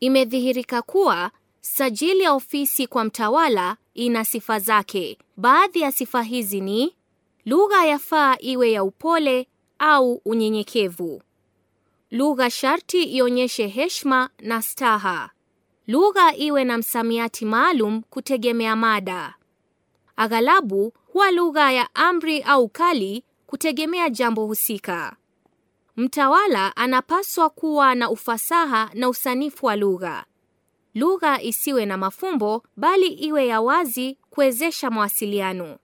Imedhihirika kuwa sajili ya ofisi kwa mtawala ina sifa zake. Baadhi ya sifa hizi ni lugha yafaa iwe ya upole au unyenyekevu. Lugha sharti ionyeshe heshima na staha. Lugha iwe na msamiati maalum kutegemea mada. Aghalabu huwa lugha ya amri au kali kutegemea jambo husika. Mtawala anapaswa kuwa na ufasaha na usanifu wa lugha. Lugha isiwe na mafumbo bali iwe ya wazi kuwezesha mawasiliano.